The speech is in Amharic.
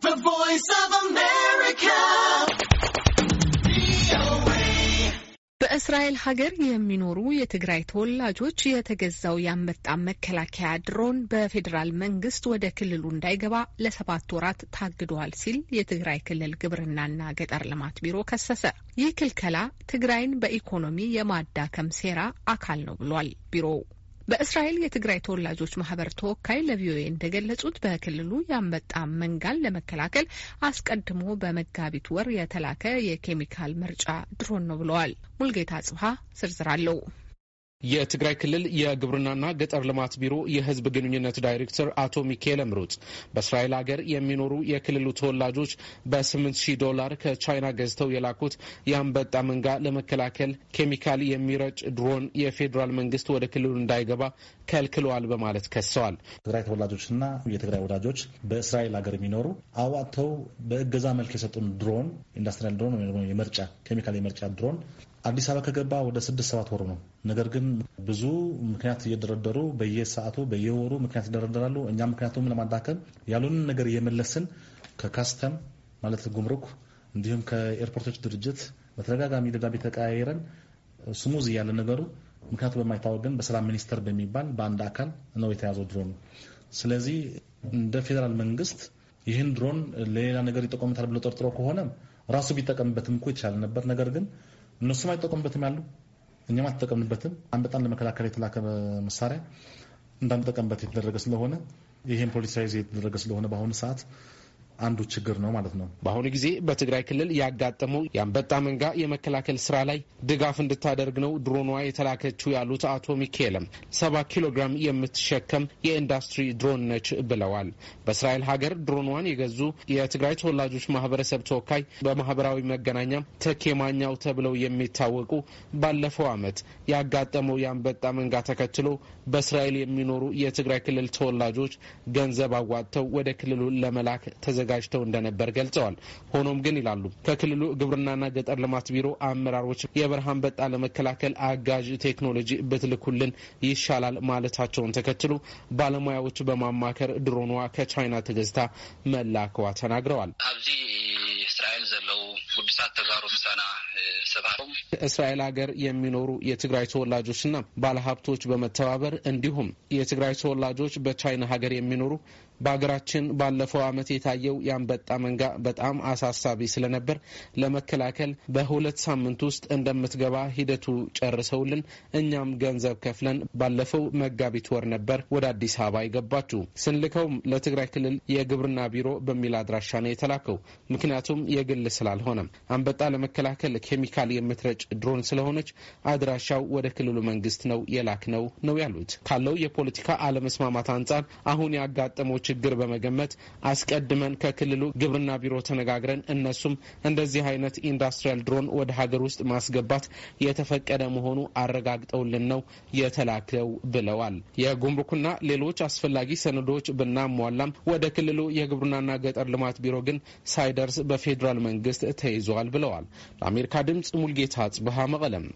The Voice of America. በእስራኤል ሀገር የሚኖሩ የትግራይ ተወላጆች የተገዛው የአንበጣ መከላከያ ድሮን በፌዴራል መንግስት ወደ ክልሉ እንዳይገባ ለሰባት ወራት ታግደዋል ሲል የትግራይ ክልል ግብርናና ገጠር ልማት ቢሮ ከሰሰ። ይህ ክልከላ ትግራይን በኢኮኖሚ የማዳከም ሴራ አካል ነው ብሏል ቢሮው። በእስራኤል የትግራይ ተወላጆች ማህበር ተወካይ ለቪኦኤ እንደገለጹት በክልሉ የአንበጣ መንጋን ለመከላከል አስቀድሞ በመጋቢት ወር የተላከ የኬሚካል መርጫ ድሮን ነው ብለዋል። ሙልጌታ ጽሀ ዝርዝር አለው። የትግራይ ክልል የግብርናና ገጠር ልማት ቢሮ የህዝብ ግንኙነት ዳይሬክተር አቶ ሚካኤል ምሩጽ በእስራኤል ሀገር የሚኖሩ የክልሉ ተወላጆች በ8 ሺህ ዶላር ከቻይና ገዝተው የላኩት የአንበጣ መንጋ ለመከላከል ኬሚካል የሚረጭ ድሮን የፌዴራል መንግስት ወደ ክልሉ እንዳይገባ ከልክለዋል በማለት ከሰዋል። ትግራይ ተወላጆችና የትግራይ ወዳጆች በእስራኤል ሀገር የሚኖሩ አዋጥተው በእገዛ መልክ የሰጡን ድሮን ኢንዱስትሪያል ድሮን የመርጫ ኬሚካል የመርጫ ድሮን አዲስ አበባ ከገባ ወደ ስድስት ሰባት ወሩ ነው። ነገር ግን ብዙ ምክንያት እየደረደሩ በየሰዓቱ በየወሩ ምክንያት ይደረደራሉ። እኛ ምክንያቱም ለማዳከም ያሉንን ነገር እየመለስን ከካስተም ማለት ጉምሩክ እንዲሁም ከኤርፖርቶች ድርጅት በተደጋጋሚ ደብዳቤ ተቀያየረን ስሙዝ እያለ ነገሩ ምክንያቱ በማይታወቅ ግን በሰላም ሚኒስተር በሚባል በአንድ አካል ነው የተያዘው ድሮኑ። ስለዚህ እንደ ፌዴራል መንግስት ይህን ድሮን ለሌላ ነገር ይጠቀሙታል ብሎ ጠርጥሮ ከሆነ ራሱ ቢጠቀምበትም እኮ ይቻል ነበር። ነገር ግን እነሱም አይጠቀሙበትም ያሉ እኛም አልተጠቀምንበትም። አንበጣን ለመከላከል የተላከ መሳሪያ እንዳንጠቀምበት የተደረገ ስለሆነ ይህም ፖሊሳይዝ የተደረገ ስለሆነ በአሁኑ ሰዓት አንዱ ችግር ነው ማለት ነው። በአሁኑ ጊዜ በትግራይ ክልል ያጋጠመው የአንበጣ መንጋ የመከላከል ስራ ላይ ድጋፍ እንድታደርግ ነው ድሮኗ የተላከችው ያሉት አቶ ሚካኤልም ሰባ ኪሎ ግራም የምትሸከም የኢንዱስትሪ ድሮን ነች ብለዋል። በእስራኤል ሀገር ድሮኗን የገዙ የትግራይ ተወላጆች ማህበረሰብ ተወካይ በማህበራዊ መገናኛ ተኬማኛው ተብለው የሚታወቁ ባለፈው ዓመት ያጋጠመው የአንበጣ መንጋ ተከትሎ በእስራኤል የሚኖሩ የትግራይ ክልል ተወላጆች ገንዘብ አዋጥተው ወደ ክልሉ ለመላክ ተዘ ተዘጋጅተው እንደነበር ገልጸዋል። ሆኖም ግን ይላሉ ከክልሉ ግብርናና ገጠር ልማት ቢሮ አመራሮች የበረሃ አንበጣ ለመከላከል አጋዥ ቴክኖሎጂ ብትልኩልን ይሻላል ማለታቸውን ተከትሎ ባለሙያዎች በማማከር ድሮኗ ከቻይና ተገዝታ መላከዋ ተናግረዋል። ኣብዚ እስራኤል ዘለው ጉዱሳት ተጋሩ ምሳና ስብሀቶም ከእስራኤል ሀገር የሚኖሩ የትግራይ ተወላጆችና ባለሀብቶች በመተባበር እንዲሁም የትግራይ ተወላጆች በቻይና ሀገር የሚኖሩ በሀገራችን ባለፈው ዓመት የታየው የአንበጣ መንጋ በጣም አሳሳቢ ስለነበር ለመከላከል በሁለት ሳምንት ውስጥ እንደምትገባ ሂደቱ ጨርሰውልን እኛም ገንዘብ ከፍለን ባለፈው መጋቢት ወር ነበር ወደ አዲስ አበባ የገባችሁ። ስንልከውም ለትግራይ ክልል የግብርና ቢሮ በሚል አድራሻ ነው የተላከው። ምክንያቱም የግል ስላልሆነም አንበጣ ለመከላከል ኬሚካል የምትረጭ ድሮን ስለሆነች አድራሻው ወደ ክልሉ መንግስት ነው የላክነው ነው ያሉት። ካለው የፖለቲካ አለመስማማት አንጻር አሁን ያጋጠመው ችግር በመገመት አስቀድመን ከክልሉ ግብርና ቢሮ ተነጋግረን እነሱም እንደዚህ አይነት ኢንዱስትሪያል ድሮን ወደ ሀገር ውስጥ ማስገባት የተፈቀደ መሆኑ አረጋግጠውልን ነው የተላከው ብለዋል። የጉምሩክና ሌሎች አስፈላጊ ሰነዶች ብናሟላም ወደ ክልሉ የግብርናና ገጠር ልማት ቢሮ ግን ሳይደርስ በፌዴራል መንግስት ተይዘዋል ብለዋል። ለአሜሪካ ለአሜሪካ ድምፅ ሙልጌታ ጽብሃ መቐለም